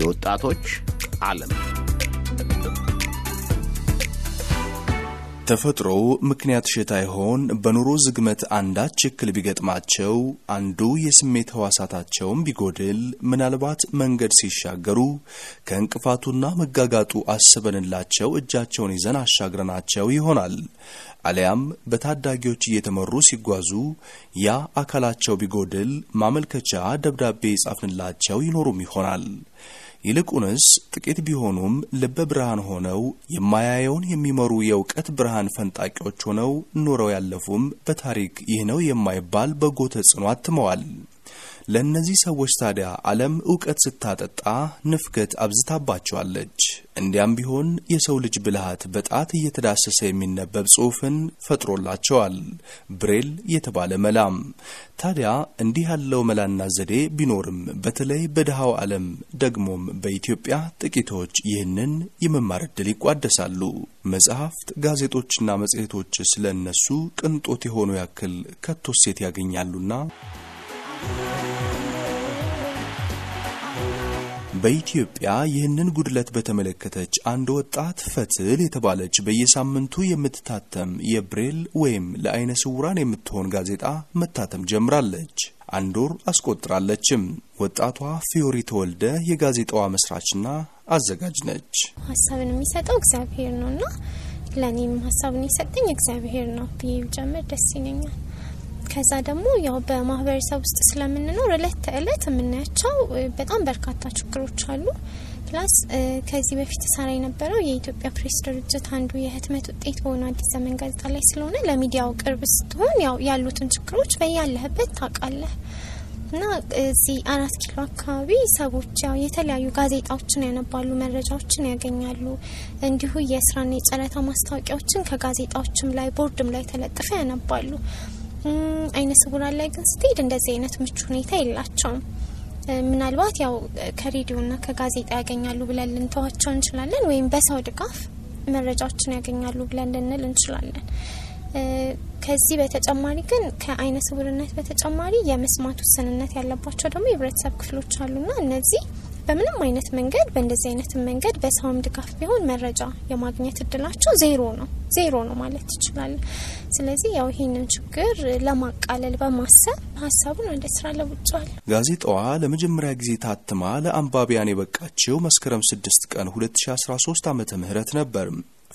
የወጣቶች ዓለም ተፈጥሮ ምክንያት ሸታ ይሆን? በኑሮ ዝግመት አንዳች እክል ቢገጥማቸው አንዱ የስሜት ህዋሳታቸውን ቢጎድል ምናልባት መንገድ ሲሻገሩ ከእንቅፋቱና መጋጋጡ አስበንላቸው እጃቸውን ይዘን አሻግረናቸው ይሆናል። አሊያም በታዳጊዎች እየተመሩ ሲጓዙ ያ አካላቸው ቢጎድል ማመልከቻ ደብዳቤ ይጻፍንላቸው ይኖሩም ይሆናል። ይልቁንስ ጥቂት ቢሆኑም ልበ ብርሃን ሆነው የማያየውን የሚመሩ የእውቀት ብርሃን ፈንጣቂዎች ሆነው ኖረው ያለፉም በታሪክ ይህ ነው የማይባል በጎ ተጽዕኖ አትመዋል። ለእነዚህ ሰዎች ታዲያ ዓለም ዕውቀት ስታጠጣ ንፍገት አብዝታባቸዋለች። እንዲያም ቢሆን የሰው ልጅ ብልሃት በጣት እየተዳሰሰ የሚነበብ ጽሑፍን ፈጥሮላቸዋል፣ ብሬል የተባለ መላም። ታዲያ እንዲህ ያለው መላና ዘዴ ቢኖርም በተለይ በድሃው ዓለም ደግሞም በኢትዮጵያ ጥቂቶች ይህንን የመማር ዕድል ይቋደሳሉ። መጽሐፍት፣ ጋዜጦችና መጽሔቶች ስለ እነሱ ቅንጦት የሆኑ ያክል ከቶ ሴት ያገኛሉና በኢትዮጵያ ይህንን ጉድለት በተመለከተች አንድ ወጣት ፈትል የተባለች በየሳምንቱ የምትታተም የብሬል ወይም ለአይነ ስውራን የምትሆን ጋዜጣ መታተም ጀምራለች። አንድ ወር አስቆጥራለችም። ወጣቷ ፊዮሪ ተወልደ የጋዜጣዋ መስራችና አዘጋጅ ነች። ሀሳብን የሚሰጠው እግዚአብሔር ነውና ለእኔም ሀሳብን የሰጠኝ እግዚአብሔር ነው ብዬ ጀምር ደስ ይለኛል። ከዛ ደግሞ ያው በማህበረሰብ ውስጥ ስለምንኖር እለት ተእለት የምናያቸው በጣም በርካታ ችግሮች አሉ። ፕላስ ከዚህ በፊት ሰራ የነበረው የኢትዮጵያ ፕሬስ ድርጅት አንዱ የህትመት ውጤት በሆነ አዲስ ዘመን ጋዜጣ ላይ ስለሆነ ለሚዲያው ቅርብ ስትሆን ያው ያሉትን ችግሮች በያለህበት ታውቃለህ። እና እዚህ አራት ኪሎ አካባቢ ሰዎች ያው የተለያዩ ጋዜጣዎችን ያነባሉ፣ መረጃዎችን ያገኛሉ። እንዲሁ የስራና የጨረታ ማስታወቂያዎችን ከጋዜጣዎችም ላይ ቦርድም ላይ ተለጥፈ ያነባሉ። አይነ ስውራን ላይ ግን ስትሄድ እንደዚህ አይነት ምቹ ሁኔታ የላቸውም። ምናልባት ያው ከሬዲዮና ከጋዜጣ ያገኛሉ ብለን ልንተዋቸው እንችላለን፣ ወይም በሰው ድጋፍ መረጃዎችን ያገኛሉ ብለን ልንል እንችላለን። ከዚህ በተጨማሪ ግን ከአይነ ስውርነት በተጨማሪ የመስማት ውስንነት ያለባቸው ደግሞ የህብረተሰብ ክፍሎች አሉና እነዚህ በምንም አይነት መንገድ በእንደዚህ አይነት መንገድ በሰውም ድጋፍ ቢሆን መረጃ የማግኘት እድላቸው ዜሮ ነው ዜሮ ነው ማለት ይችላል። ስለዚህ ያው ይህንን ችግር ለማቃለል በማሰብ ሀሳቡን ወደ ስራ ለውጫል። ጋዜጣዋ ለመጀመሪያ ጊዜ ታትማ ለአንባቢያን የበቃቸው መስከረም 6 ቀን 2013 ዓመተ ምህረት ነበር።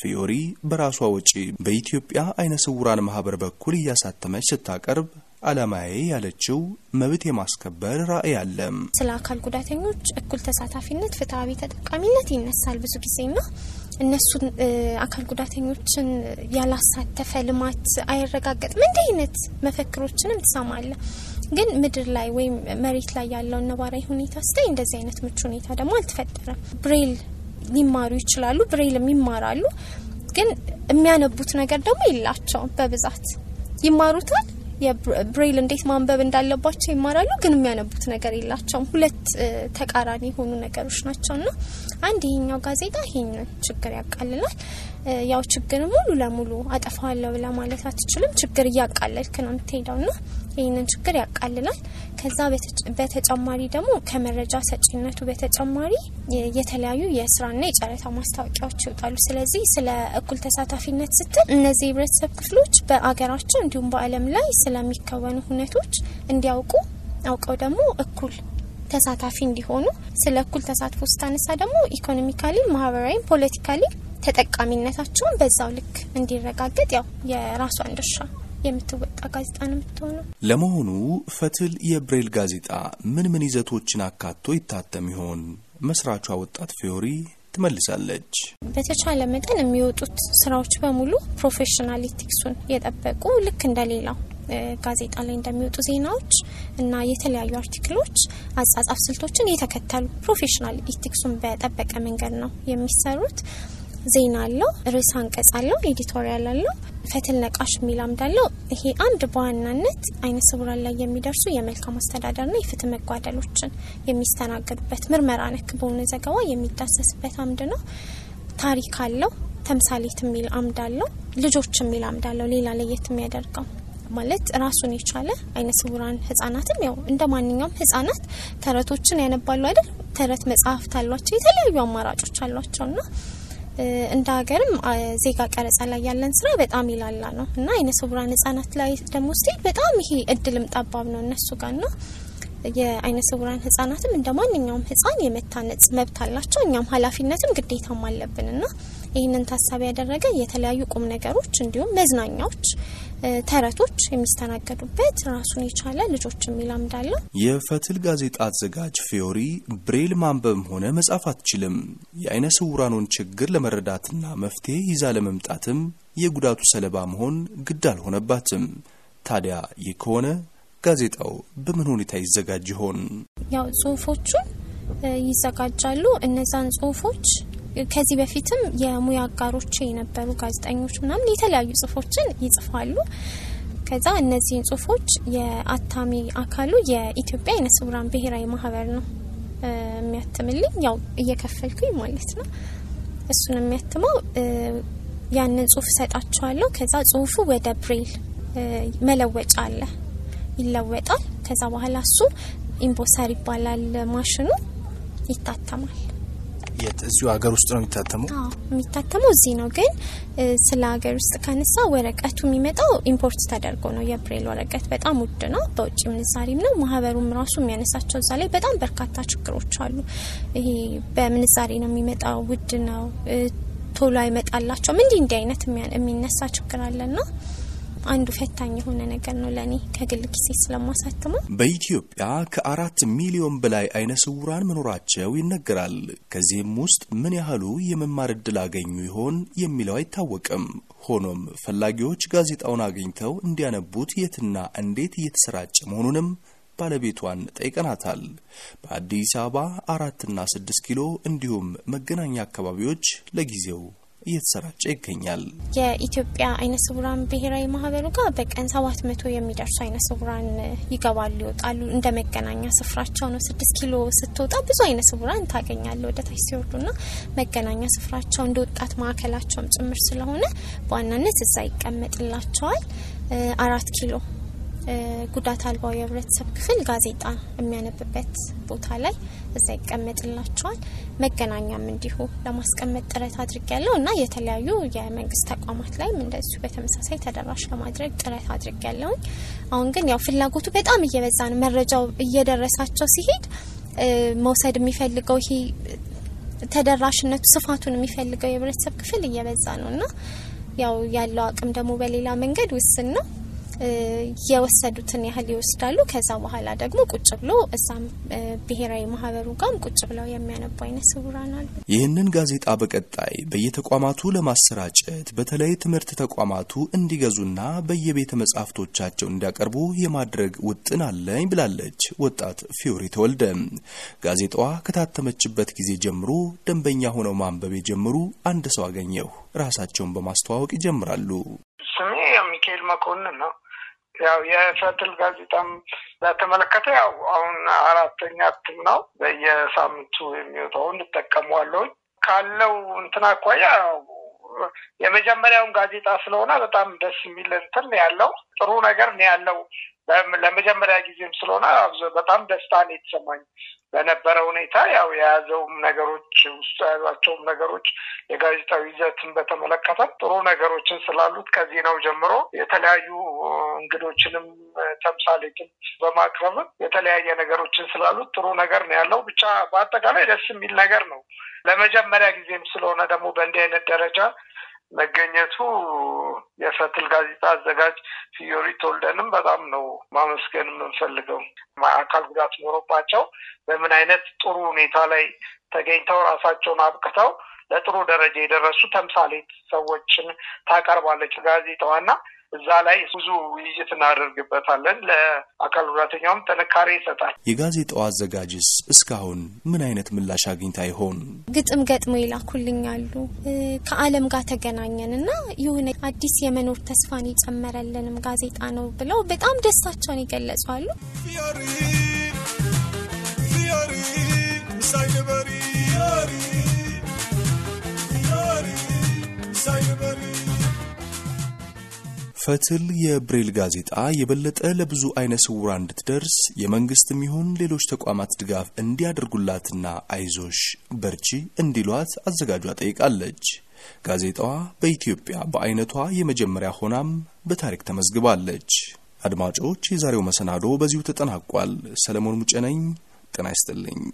ፊዮሪ በራሷ ወጪ በኢትዮጵያ አይነ ስውራን ማህበር በኩል እያሳተመች ስታቀርብ አላማዬ ያለችው መብት የማስከበር ራዕይ አለም። ስለ አካል ጉዳተኞች እኩል ተሳታፊነት፣ ፍትሐዊ ተጠቃሚነት ይነሳል ብዙ ጊዜ ና እነሱን አካል ጉዳተኞችን ያላሳተፈ ልማት አይረጋገጥም። እንዲህ አይነት መፈክሮችንም ትሰማለ። ግን ምድር ላይ ወይም መሬት ላይ ያለውን ነባራዊ ሁኔታ ስታይ እንደዚህ አይነት ምቹ ሁኔታ ደግሞ አልተፈጠረም። ብሬል ሊማሩ ይችላሉ፣ ብሬልም ይማራሉ። ግን የሚያነቡት ነገር ደግሞ የላቸውም። በብዛት ይማሩታል የብሬል እንዴት ማንበብ እንዳለባቸው ይማራሉ፣ ግን የሚያነቡት ነገር የላቸውም። ሁለት ተቃራኒ የሆኑ ነገሮች ናቸው እና አንድ ይሄኛው ጋዜጣ ይሄንን ችግር ያቃልላል። ያው ችግር ሙሉ ለሙሉ አጠፋዋለሁ ለማለት አትችልም። ችግር እያቃለልክ ነው የምትሄደው ና ይህንን ችግር ያቃልላል። ከዛ በተጨማሪ ደግሞ ከመረጃ ሰጪነቱ በተጨማሪ የተለያዩ የስራና የጨረታ ማስታወቂያዎች ይወጣሉ። ስለዚህ ስለ እኩል ተሳታፊነት ስትል እነዚህ የህብረተሰብ ክፍሎች በአገራቸው እንዲሁም በዓለም ላይ ስለሚከወኑ ሁነቶች እንዲያውቁ አውቀው ደግሞ እኩል ተሳታፊ እንዲሆኑ ስለ እኩል ተሳትፎ ስታነሳ ደግሞ ኢኮኖሚካሊ፣ ማህበራዊ፣ ፖለቲካሊ ተጠቃሚነታቸውን በዛው ልክ እንዲረጋገጥ ያው የራሷን ድርሻ የምትወጣ ጋዜጣ ነው የምትሆነው። ለመሆኑ ፈትል የብሬል ጋዜጣ ምን ምን ይዘቶችን አካቶ ይታተም ይሆን? መስራቿ ወጣት ፊዮሪ ትመልሳለች። በተቻለ መጠን የሚወጡት ስራዎች በሙሉ ፕሮፌሽናል ኤቲክሱን የጠበቁ ልክ እንደሌላው ጋዜጣ ላይ እንደሚወጡ ዜናዎች እና የተለያዩ አርቲክሎች አጻጻፍ ስልቶችን የተከተሉ ፕሮፌሽናል ኢቲክሱን በጠበቀ መንገድ ነው የሚሰሩት። ዜና አለው፣ ርዕስ አንቀጽ አለው፣ ኤዲቶሪያል አለው፣ ፈትል ነቃሽ የሚል አምድ አለው። ይሄ አንድ በዋናነት አይነ ስውራን ላይ የሚደርሱ የመልካም አስተዳደርና የፍትህ መጓደሎችን የሚስተናገዱበት ምርመራ ነክ በሆነ ዘገባ የሚዳሰስበት አምድ ነው። ታሪክ አለው። ተምሳሌት የሚል አምድ አለው። ልጆች የሚል አምድ አለው። ሌላ ለየት የሚያደርገው ማለት ራሱን የቻለ አይነ ስውራን ህጻናትም ያው እንደ ማንኛውም ህጻናት ተረቶችን ያነባሉ አይደል? ተረት መጽሐፍት አሏቸው፣ የተለያዩ አማራጮች አሏቸው ና እንደ ሀገርም ዜጋ ቀረጻ ላይ ያለን ስራ በጣም ይላላ ነው እና አይነ ስውራን ህጻናት ላይ ደግሞ ስቴል በጣም ይሄ እድልም ጠባብ ነው እነሱ ጋር ነው። የአይነ ስውራን ህጻናትም እንደ ማንኛውም ህጻን የመታነጽ መብት አላቸው። እኛም ኃላፊነትም ግዴታም አለብን ና ይህንን ታሳቢ ያደረገ የተለያዩ ቁም ነገሮች እንዲሁም መዝናኛዎች፣ ተረቶች የሚስተናገዱበት ራሱን የቻለ ልጆች የሚል የፈትል ጋዜጣ አዘጋጅ ፊዮሪ ብሬል ማንበብም ሆነ መጻፍ አትችልም። የአይነ ስውራኑን ችግር ለመረዳትና መፍትሄ ይዛ ለመምጣትም የጉዳቱ ሰለባ መሆን ግድ አልሆነባትም። ታዲያ ይህ ከሆነ ጋዜጣው በምን ሁኔታ ይዘጋጅ ይሆን? ያው ጽሁፎቹ ይዘጋጃሉ። እነዛን ጽሁፎች ከዚህ በፊትም የሙያ አጋሮቼ የነበሩ ጋዜጠኞች ምናምን የተለያዩ ጽሁፎችን ይጽፋሉ። ከዛ እነዚህን ጽሁፎች የአታሚ አካሉ የኢትዮጵያ አይነ ስውራን ብሔራዊ ማህበር ነው የሚያትምልኝ፣ ያው እየከፈልኩኝ ማለት ነው። እሱን የሚያትመው ያንን ጽሁፍ እሰጣቸዋለሁ። ከዛ ጽሁፉ ወደ ብሬል መለወጫ አለ ይለወጣል። ከዛ በኋላ እሱ ኢምቦሰር ይባላል ማሽኑ፣ ይታተማል። የት? እዚሁ ሀገር ውስጥ ነው የሚታተመው? የሚታተመው እዚህ ነው። ግን ስለ ሀገር ውስጥ ከነሳ ወረቀቱ የሚመጣው ኢምፖርት ተደርጎ ነው። የብሬል ወረቀት በጣም ውድ ነው። በውጭ ምንዛሪም ነው። ማህበሩም ራሱ የሚያነሳቸው እዛ ላይ በጣም በርካታ ችግሮች አሉ። ይሄ በምንዛሪ ነው የሚመጣው፣ ውድ ነው፣ ቶሎ አይመጣላቸውም። እንዲህ እንዲህ አይነት የሚነሳ ችግር አለና አንዱ ፈታኝ የሆነ ነገር ነው ለእኔ ከግል ጊዜ ስለማሳትመው። በኢትዮጵያ ከአራት ሚሊዮን በላይ አይነ ስውራን መኖራቸው ይነገራል። ከዚህም ውስጥ ምን ያህሉ የመማር እድል አገኙ ይሆን የሚለው አይታወቅም። ሆኖም ፈላጊዎች ጋዜጣውን አግኝተው እንዲያነቡት የትና እንዴት እየተሰራጨ መሆኑንም ባለቤቷን ጠይቀናታል። በአዲስ አበባ አራትና ስድስት ኪሎ እንዲሁም መገናኛ አካባቢዎች ለጊዜው እየተሰራጨ ይገኛል። የኢትዮጵያ አይነ ስውራን ብሔራዊ ማህበሩ ጋር በቀን ሰባት መቶ የሚደርሱ አይነ ስውራን ይገባሉ ይወጣሉ። እንደ መገናኛ ስፍራቸው ነው። ስድስት ኪሎ ስትወጣ ብዙ አይነ ስውራን ታገኛለ። ወደ ታች ሲወርዱ ና መገናኛ ስፍራቸው እንደ ወጣት ማዕከላቸውም ጭምር ስለሆነ በዋናነት እዛ ይቀመጥላቸዋል። አራት ኪሎ ጉዳት አልባው የህብረተሰብ ክፍል ጋዜጣ የሚያነብበት ቦታ ላይ እዛ ይቀመጥላቸዋል። መገናኛም እንዲሁ ለማስቀመጥ ጥረት አድርግ ያለው እና የተለያዩ የመንግስት ተቋማት ላይም እንደዚሁ በተመሳሳይ ተደራሽ ለማድረግ ጥረት አድርግ አሁን ግን ያው ፍላጎቱ በጣም እየበዛ ነው። መረጃው እየደረሳቸው ሲሄድ መውሰድ የሚፈልገው ይሄ ተደራሽነቱ ስፋቱን የሚፈልገው የህብረተሰብ ክፍል እየበዛ ነው እና ያው ያለው አቅም ደግሞ በሌላ መንገድ ውስን ነው። የወሰዱትን ያህል ይወስዳሉ። ከዛ በኋላ ደግሞ ቁጭ ብሎ እዛም ብሔራዊ ማህበሩ ጋም ቁጭ ብለው የሚያነቡ አይነት ስውራን አሉ። ይህንን ጋዜጣ በቀጣይ በየተቋማቱ ለማሰራጨት በተለይ ትምህርት ተቋማቱ እንዲገዙና በየቤተ መጻሕፍቶቻቸው እንዲያቀርቡ የማድረግ ውጥን አለኝ ብላለች ወጣት ፊዮሪ ተወልደ። ጋዜጣዋ ከታተመችበት ጊዜ ጀምሮ ደንበኛ ሆነው ማንበብ የጀምሩ አንድ ሰው አገኘሁ። ራሳቸውን በማስተዋወቅ ይጀምራሉ። ስሜ ሚካኤል መኮንን ነው። ያው የፈትል ጋዜጣም በተመለከተ ያው አሁን አራተኛ እትም ነው። በየሳምንቱ የሚወጣውን እንጠቀመዋለሁኝ ካለው እንትን አኳያ የመጀመሪያውን ጋዜጣ ስለሆነ በጣም ደስ የሚል እንትን ያለው ጥሩ ነገር ያለው ለመጀመሪያ ጊዜም ስለሆነ በጣም ደስታን የተሰማኝ በነበረ ሁኔታ ያው የያዘውም ነገሮች ውስጡ የያዟቸውም ነገሮች የጋዜጣዊ ይዘትን በተመለከተ ጥሩ ነገሮችን ስላሉት ከዚህ ነው ጀምሮ የተለያዩ እንግዶችንም ተምሳሌትን በማቅረብ የተለያየ ነገሮችን ስላሉት ጥሩ ነገር ነው ያለው። ብቻ በአጠቃላይ ደስ የሚል ነገር ነው። ለመጀመሪያ ጊዜም ስለሆነ ደግሞ በእንዲህ አይነት ደረጃ መገኘቱ የፈትል ጋዜጣ አዘጋጅ ፊዮሪ ተወልደንም በጣም ነው ማመስገን የምንፈልገው። አካል ጉዳት ኖሮባቸው በምን አይነት ጥሩ ሁኔታ ላይ ተገኝተው ራሳቸውን አብቅተው ለጥሩ ደረጃ የደረሱ ተምሳሌት ሰዎችን ታቀርባለች ጋዜጣዋና እዛ ላይ ብዙ ውይይት እናደርግበታለን። ለአካል ጉዳተኛውም ጥንካሬ ይሰጣል። የጋዜጣው አዘጋጅስ እስካሁን ምን አይነት ምላሽ አግኝታ ይሆን? ግጥም ገጥሞ ይላኩልኛሉ። ከአለም ጋር ተገናኘን እና የሆነ አዲስ የመኖር ተስፋን የጨመረልንም ጋዜጣ ነው ብለው በጣም ደስታቸውን ይገለጿሉ። Say ፈትል የብሬል ጋዜጣ የበለጠ ለብዙ አይነ ስውራ እንድትደርስ የመንግስትም ይሁን ሌሎች ተቋማት ድጋፍ እንዲያደርጉላትና አይዞሽ በርቺ እንዲሏት አዘጋጇ ጠይቃለች። ጋዜጣዋ በኢትዮጵያ በአይነቷ የመጀመሪያ ሆናም በታሪክ ተመዝግባለች። አድማጮች፣ የዛሬው መሰናዶ በዚሁ ተጠናቋል። ሰለሞን ሙጨነኝ ጤና ይስጥልኝ።